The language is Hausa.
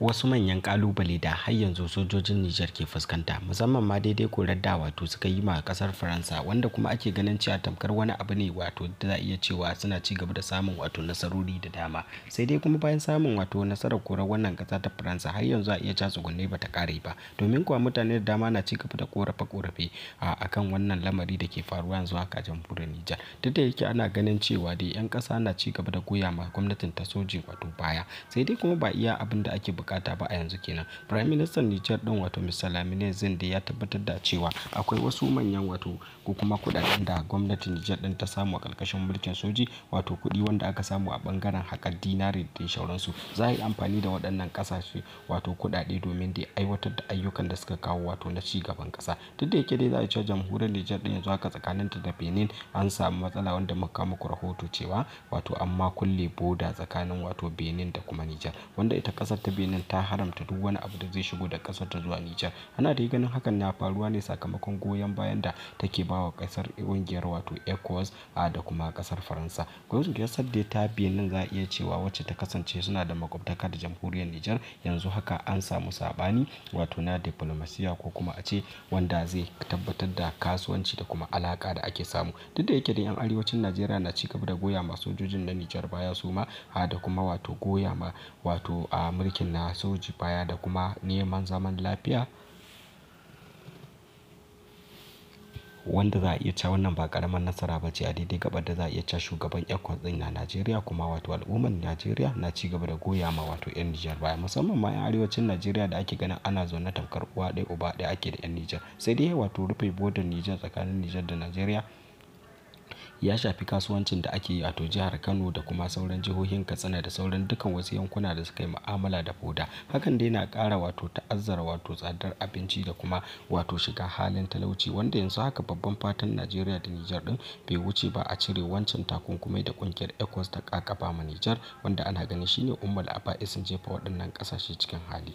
wasu manyan kalubale da har yanzu sojojin Nijar ke fuskanta musamman ma daidai korar da wato suka yi ma kasar Faransa wanda kuma ake ganin cewa tamkar wani abu ne wato da za iya cewa suna ci gaba da samun wato nasarori da dama sai dai kuma bayan samun wato nasarar korar wannan kasa ta Faransa har yanzu a iya ca tsugunne ba ta kare ba domin kuwa mutane da dama na ci gaba da korafe korafe akan wannan lamari da ke faruwa yanzu kajin jamhuriyar Nijar duk da yake ana ganin cewa dai yan kasa na ci gaba da goya ma gwamnatin ta soji wato baya sai dai kuma ba iya abin da ake bukata ba a yanzu kenan prime minister niger din wato mr lamine zinde ya tabbatar da cewa akwai wasu manyan wato ko kuma kudaden da gwamnatin nijar din ta samu a karkashin mulkin soji wato kudi wanda aka samu a bangaren haƙar dinari da shauransu za a yi amfani da waɗannan kasashe wato kudade domin da aiwatar da ayyukan da suka kawo wato na ci gaban kasa duk da yake dai za a cewa jamhuriyar niger din yanzu haka ta da benin an samu matsala wanda muka muku rahoto cewa wato amma kulle boda tsakanin wato benin da kuma niger wanda ita kasar ta benin nan ta haramta duk wani abu da zai shigo da kasar ta zuwa Nijar. Ana dai ganin hakan na faruwa ne sakamakon goyon bayan da take bawa ƙasar kungiyar wato ECOWAS a da kuma kasar Faransa. Ƙungiyar dai ta nan za a iya cewa wacce ta kasance suna da makwabtaka da jamhuriyar Nijar yanzu haka an samu saɓani wato na diplomasiya ko kuma a ce wanda zai tabbatar da kasuwanci da kuma alaka da ake samu. Duk da yake da 'yan arewacin Najeriya na cigaba da goya masu sojojin na Nijar baya su ma da kuma wato goya ma wato a mulkin na soji baya da kuma neman zaman lafiya wanda za a iya cewa wannan ba karaman nasara ba ce a daidai gabar da za a iya cewa shugaban ECOWAS din na Najeriya kuma wato al'ummar Najeriya na ci gaba da goya ma wato 'yan Nijar baya musamman ma 'yan arewacin Najeriya da ake ganin ana zaune tamkar uwa ɗaya uba ɗaya ake da 'yan Nijar sai dai wato rufe bodar Nijar tsakanin Nijar da Najeriya ya shafi kasuwancin da ake yi a jihar Kano da kuma sauran jihohin Katsina da sauran dukkan wasu yankuna da suka yi mu'amala da foda. Hakan dai na kara wato ta'azzara wato tsadar abinci da kuma wato shiga halin talauci wanda yanzu haka babban fatan Najeriya da Nijar ɗin bai wuce ba a cire wancan takunkumai da ƙungiyar ECOWAS ta kakaba ma Nijar wanda ana ganin shine ummul aba'i isin jefa waɗannan ƙasashe cikin hali.